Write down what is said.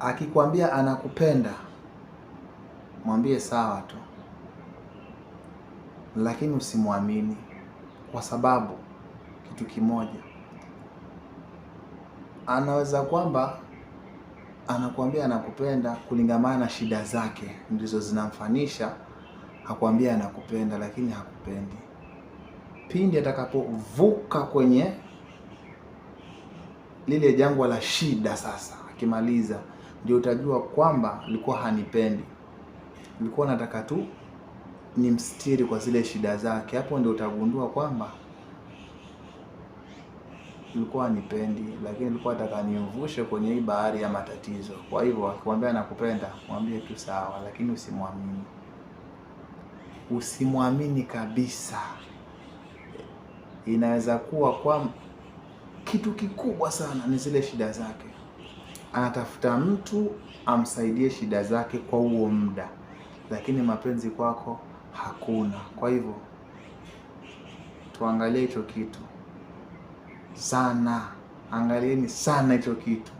akikwambia anakupenda mwambie sawa tu, lakini usimwamini, kwa sababu kitu kimoja, anaweza kwamba anakuambia anakupenda kulingamana na shida zake ndizo zinamfanisha akwambia anakupenda, lakini hakupendi. Pindi atakapovuka kwenye lile jangwa la shida, sasa akimaliza ndio utajua kwamba alikuwa hanipendi, alikuwa nataka tu nimstiri kwa zile shida zake. Hapo ndio utagundua kwamba alikuwa anipendi lakini alikuwa nataka nimvushe kwenye hii bahari ya matatizo. Kwa hivyo akikwambia nakupenda, mwambie tu sawa, lakini usimwamini, usimwamini kabisa. Inaweza kuwa kwa kitu kikubwa sana ni zile shida zake anatafuta mtu amsaidie shida zake kwa huo muda, lakini mapenzi kwako hakuna. Kwa hivyo tuangalie hicho kitu sana, angalieni sana hicho kitu.